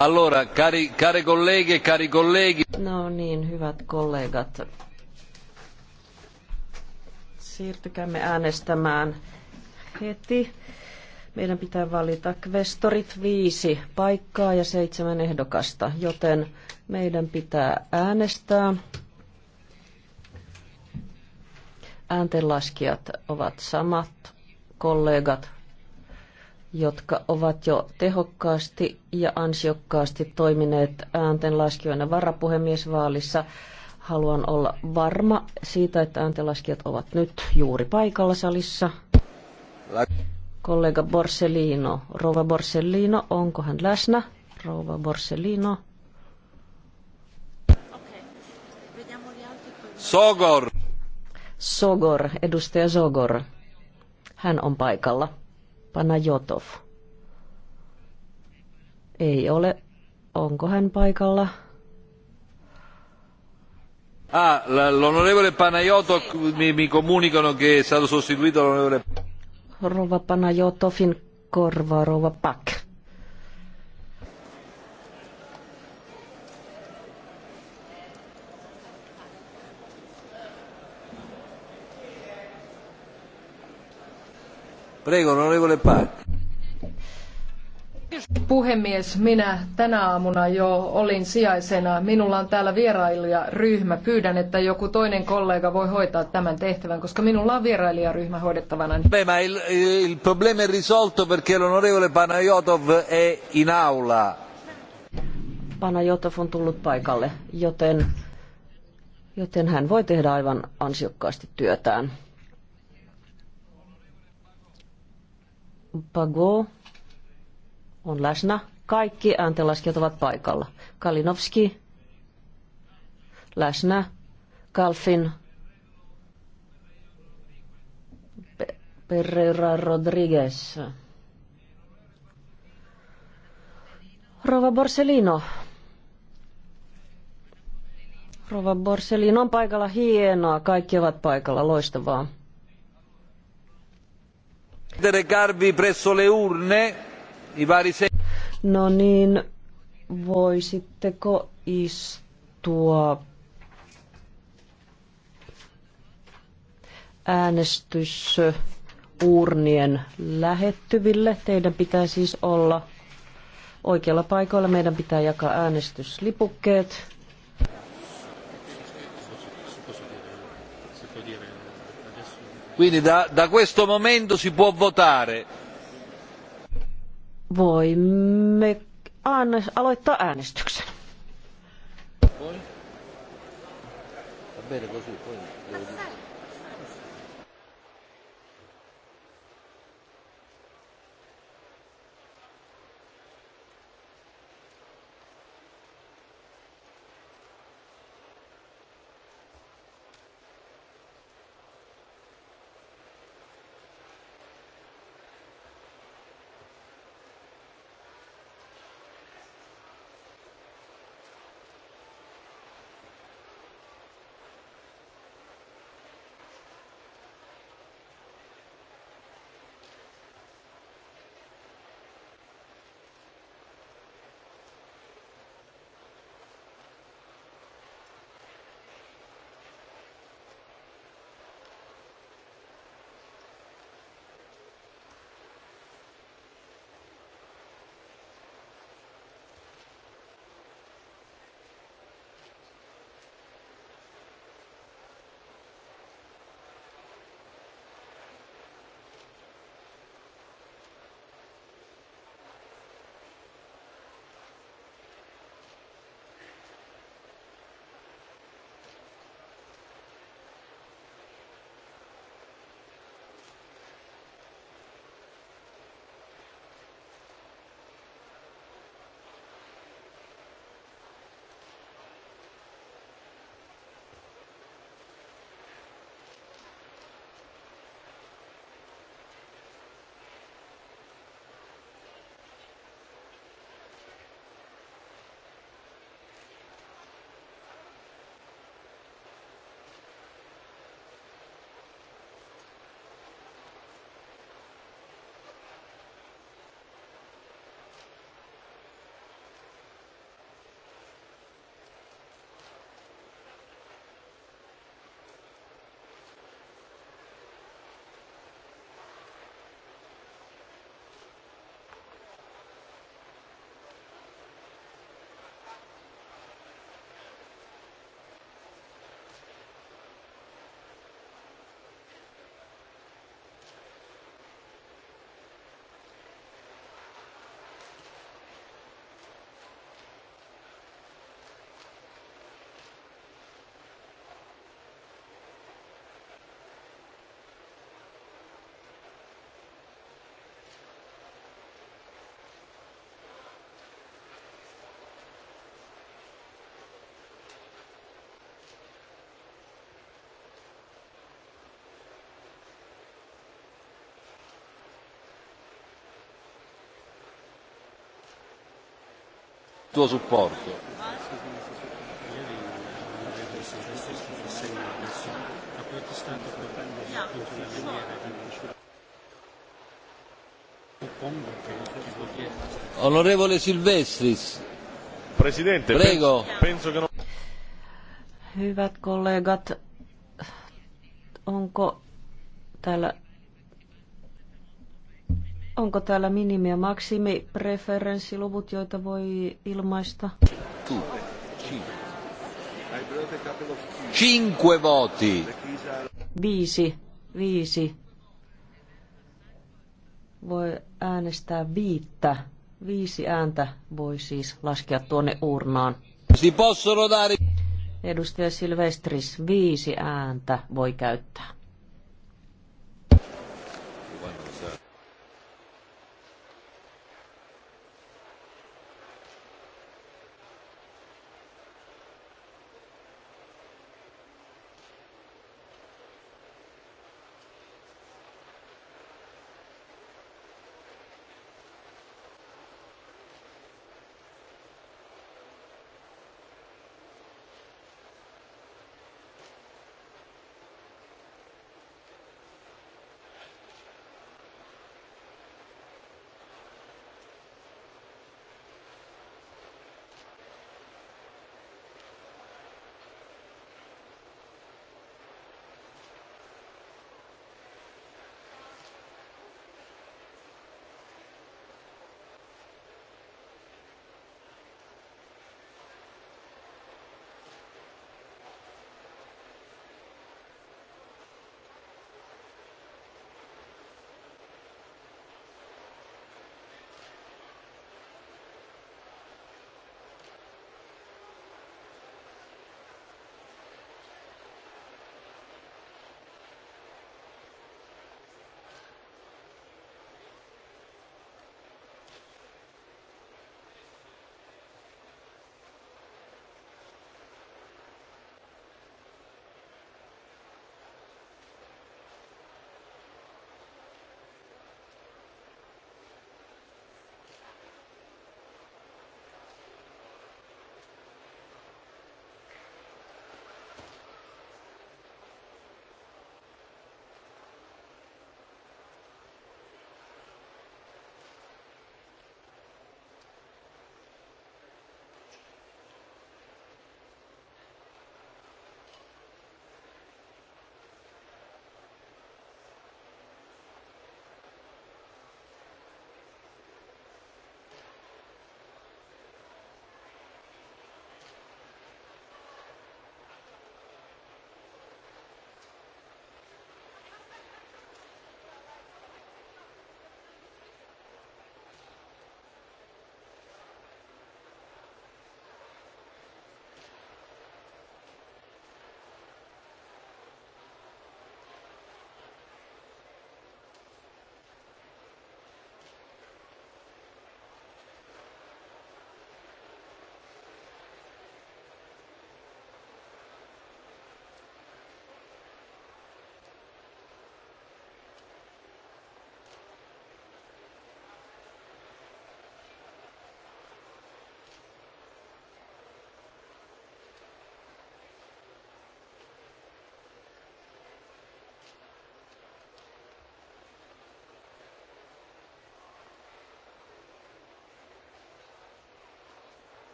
Allora, cari, cari colleghe, e cari colleghi. No niin, hyvät kollegat. Siirtykäämme äänestämään heti. Meidän pitää valita kvestorit viisi paikkaa ja seitsemän ehdokasta, joten meidän pitää äänestää. Ääntenlaskijat ovat samat kollegat jotka ovat jo tehokkaasti ja ansiokkaasti toimineet ääntenlaskijoina varapuhemiesvaalissa. Haluan olla varma siitä, että ääntenlaskijat ovat nyt juuri paikalla salissa. Kollega Borsellino, Rova Borsellino, onko hän läsnä? Rova Borsellino. Sogor. Sogor, edustaja Sogor. Hän on paikalla. Panajotov. Ei ole. Onko hän paikalla? Ah, l'onorevole Panajotov mi, mi comunicano che è stato sostituito l'onorevole... Rova Panajotovin korva, Rova Pak. Prego, onorevole Puhemies, minä tänä aamuna jo olin sijaisena. Minulla on täällä vierailijaryhmä. Pyydän, että joku toinen kollega voi hoitaa tämän tehtävän, koska minulla on vierailijaryhmä hoidettavana. Beh, ma il, il problema è risolto perché l'onorevole Panayotov è in aula. Panayotov on tullut paikalle, joten, joten hän voi tehdä aivan ansiokkaasti työtään. Pago on läsnä. Kaikki ääntenlaskijat ovat paikalla. Kalinovski läsnä. Kalfin Pereira Rodriguez. Rova Borsellino. Rova Borsellino on paikalla. Hienoa. Kaikki ovat paikalla. Loistavaa. Recarvi presso le urne, i vari No niin, voisitteko istua äänestys lähettyville. Teidän pitää siis olla oikealla paikoilla. Meidän pitää jakaa äänestyslipukkeet. Quindi da, questo momento si può votare. Voimme aloittaa äänestyksen. Voi? Va bene così, poi devo dire. tuo supporto. Onorevole Silvestris. Presidente, Prego. Penso, che non... Hyvät kollegat, onko täällä Onko täällä minimi- ja maksimipreferenssiluvut, joita voi ilmaista? Cinque voti. Viisi. Viisi. Voi äänestää viittä. Viisi ääntä voi siis laskea tuonne urnaan. Edustaja Silvestris, viisi ääntä voi käyttää.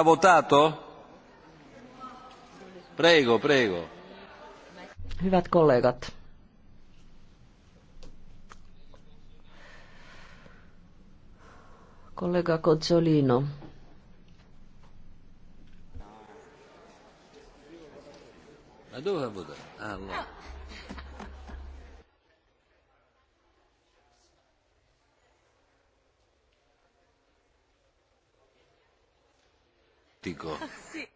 Ha votato? Prego, prego. Hyvät kollegat. Kollega Cozzolino. Ma dove ha votato? Allora. Ah, no. dico. Ah, sì.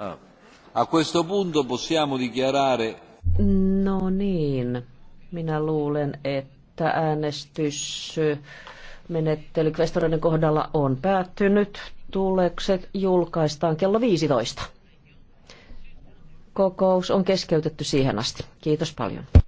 Ah. A questo punto possiamo dichiarare... No niin, minä luulen, että äänestys menettely kohdalla on päättynyt. Tulekset julkaistaan kello 15. Kokous on keskeytetty siihen asti. Kiitos paljon.